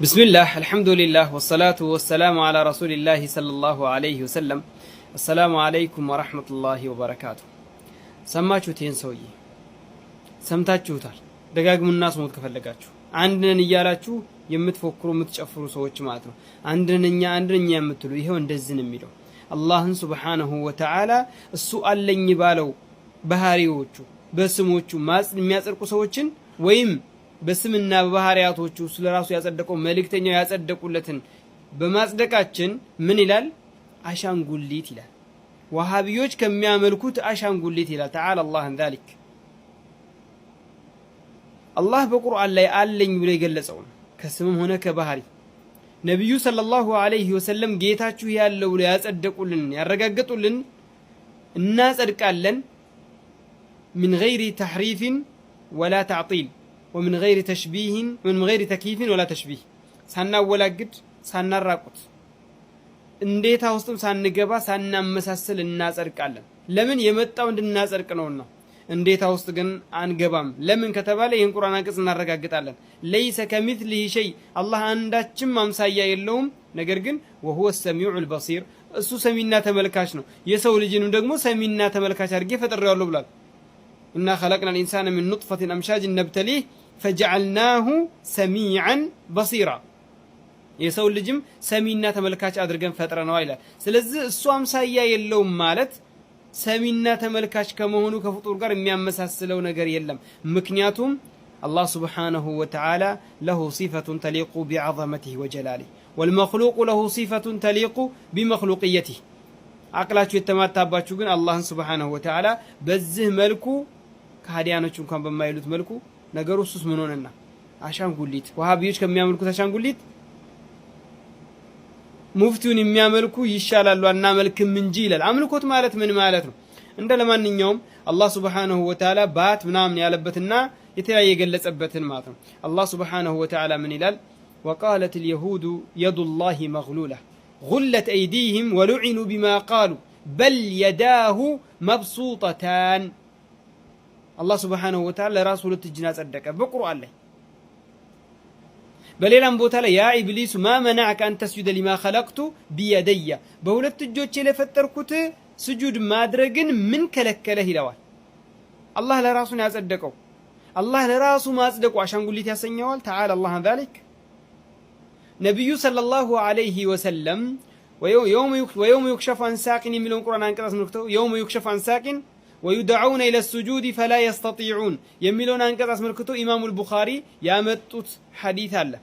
بسم الله الحمد لله والصلاة والسلام على رسول الله صلى الله عليه وسلم አሰላሙ አለይኩም ወራህመቱላሂ ወበረካቱ። ሰማችሁት? ይህን ሰውዬ ሰምታችሁታል። ደጋግሙና ስሙት ከፈለጋችሁ። አንድ እያላችሁ የምትፎክሩ የምትጨፍሩ ሰዎች ማለት ነው። አንድ ነን የምትሉ ይሄው እንደዚህ ነው የሚለው አላህን ሱብሓነሁ ወተዓላ እሱ አለኝ ባለው ባህሪዎቹ በስሞቹ የሚያጸድቁ ሰዎችን ወይም በስምና በባህሪያቶቹ ስለራሱ ያጸደቀው መልእክተኛው ያጸደቁለትን በማጽደቃችን ምን ይላል? አሻንጉሊት ይላል። ዋሃብዮች ከሚያመልኩት አሻንጉሊት ይላል። ተዓላ አላህን ዛሊክ አላህ በቁርአን ላይ አለኝ ብሎ የገለጸው ከስምም ሆነ ከባህሪ ነቢዩ ሰለላሁ አለይህ ወሰለም ጌታችሁ ያለው ብሎ ያጸደቁልን ያረጋገጡልን እናጸድቃለን ምን ገይሪ ተሕሪፍን ወላ ተዕጢል ወምን ገይሪ ተሽቢህን ወምን ገይሪ ተክይፍን ወላ ተሽቢህ ሳናወላግድ ሳናራቁት እንዴታ ውስጥም ሳንገባ ሳናመሳስል እናጸድቃለን። ለምን የመጣው እንድናጸድቅ ነውና። እንዴታ ውስጥ ግን አንገባም። ለምን ከተባለ ይህን ቁርአን አንቀጽ እናረጋግጣለን። ለይሰ ከሚትሊሂ ሸይ አላህ አንዳችም አምሳያ የለውም። ነገር ግን ወሁወ ሰሚዑል በሲር እሱ ሰሚና ተመልካች ነው። የሰው ልጅንም ደግሞ ሰሚና ተመልካች አድርጌ ፈጥሬዋለሁ ብሏል። እና ኸለቅናል ኢንሳነ ምን ኑጥፈትን አምሻጅ ነብተሊህ ፈጀዐልናሁ ሰሚዐን በሲራ የሰው ልጅም ሰሚና ተመልካች አድርገን ፈጥረነዋ ይላል። ስለዚህ እሱ አምሳያ የለውም ማለት ሰሚና ተመልካች ከመሆኑ ከፍጡር ጋር የሚያመሳስለው ነገር የለም። ምክንያቱም አላህ ስብሓነሁ ወተዓላ ለሁ ሲፈቱን ተሊቁ ቢዐዘመቲህ ወጀላሊህ ወልመክሉቁ ለሁ ሲፈቱን ተሊቁ ቢመክሉቅየቲህ። አቅላችሁ የተማታባችሁ ግን አላህን ስብሓነሁ ወተዓላ በዚህ መልኩ ከሃዲያኖች እንኳን በማይሉት መልኩ ነገሩ እሱስ ምን ሆነና አሻንጉሊት ወሃቢዎች ከሚያመልኩት አሻንጉሊት ሙፍቲውን የሚያመልኩ ይሻላሉ አናመልክም እንጂ ይላል። አምልኮት ማለት ምን ማለት ነው? እንደ ለማንኛውም አላህ ሱብሓነሁ ወተዓላ ባት ምናምን ያለበትና የተለያየ የገለጸበትን ማለት ነው። አላህ ሱብሓነሁ ወተዓላ ምን ይላል? ወቃለት ልየሁዱ የዱላሂ መግሉላ ጉለት አይዲህም ወሉዒኑ ቢማ ቃሉ በል የዳሁ መብሱጠታን። አላህ ሱብሓነሁ ወተዓላ ለራሱ ሁለት እጅን አጸደቀ በቁርአን ላይ በሌላም ቦታ ላይ ያ ኢብሊሱ ማ መናዕከ አን ተስጁደ ሊማ ኸለቅቱ ቢየደያ በሁለት እጆቼ ለፈጠርኩት ስጁድ ማድረግን ምን ከለከለህ ይለዋል። አላህ ለራሱን ያጸደቀው አላህ ለራሱ ማጽደቁ አሻንጉሊት ያሰኘዋል። ተዓላ አላህ ዛሊክ ነቢዩ ሰለላሁ ዐለይሂ ወሰለም ወየውም ዩክሸፉ አን ሳቂን የሚለውን ቁርአን አንቀጽ አስመልክተው የውም ዩክሸፉ አን ሳቂን ويدعون إلى السجود فلا يستطيعون يميلون أنك أسمر إمام البخاري يا متوت حديث الله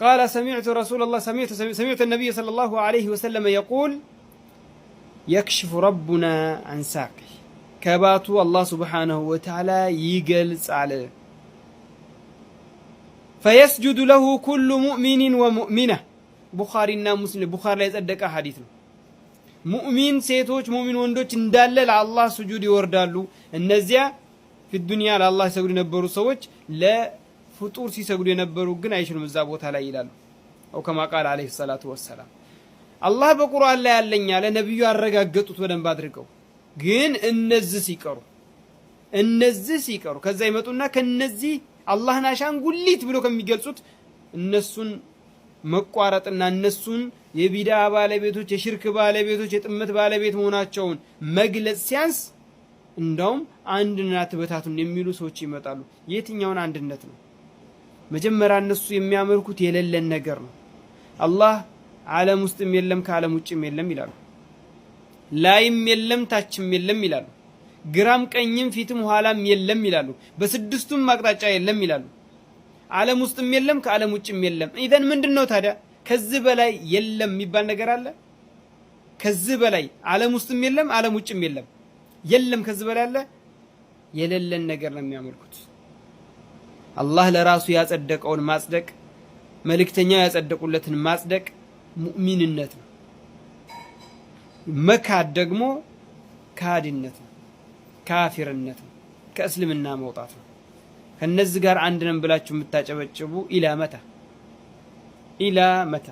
قال سمعت رسول الله سمعت, سمعت النبي صلى الله عليه وسلم يقول يكشف ربنا عن ساقه كباتو الله سبحانه وتعالى يجلس عليه فيسجد له كل مؤمن ومؤمنة بخاري النام مسلم بخاري لا يزدك حديثه ሙእሚን ሴቶች፣ ሙእሚን ወንዶች እንዳለ ለአላህ ስጁድ ይወርዳሉ። እነዚያ ፊዱንያ ለአላህ ሲሰግዱ የነበሩ ሰዎች ለፍጡር ሲሰግዱ የነበሩ ግን አይችሉም እዛ ቦታ ላይ ይላሉ። አው ከማ ቃል ዓለይሂ ሰላቱ ወሰላም አላህ በቁርአን ላይ ያለኝ አለ ነቢዩ ያረጋገጡት በደንብ አድርገው። ግን እነዚህ ሲቀሩ እነዚህ ሲቀሩ ከዛ ይመጡና ከነዚህ አላህን አሻንጉሊት ብሎ ከሚገልጹት እነሱን መቋረጥና እነሱን የቢዳ ባለቤቶች፣ የሽርክ ባለቤቶች፣ የጥመት ባለቤት መሆናቸውን መግለጽ ሲያንስ እንደውም አንድን አትበታቱን የሚሉ ሰዎች ይመጣሉ። የትኛውን አንድነት ነው? መጀመሪያ እነሱ የሚያመልኩት የሌለን ነገር ነው። አላህ ዓለም ውስጥም የለም ከዓለም ውጭም የለም ይላሉ። ላይም የለም ታችም የለም ይላሉ። ግራም ቀኝም ፊትም ኋላም የለም ይላሉ። በስድስቱም አቅጣጫ የለም ይላሉ። ዓለም ውስጥም የለም ከዓለም ውጭም የለም። ኢዘን ምንድን ነው ታዲያ? ከዚህ በላይ የለም የሚባል ነገር አለ? ከዚህ በላይ ዓለም ውስጥም የለም ዓለም ውጭም የለም የለም ከዚህ በላይ አለ? የሌለን ነገር ነው የሚያመልኩት። አላህ ለራሱ ያጸደቀውን ማጽደቅ፣ መልእክተኛው ያጸደቁለትን ማጽደቅ ሙእሚንነት ነው። መካድ ደግሞ ካዲነት ነው፣ ካፊርነት ነው፣ ከእስልምና መውጣት ነው። ከነዚህ ጋር አንድ ነን ብላችሁ የምታጨበጭቡ ኢላ መታ ኢላ መታ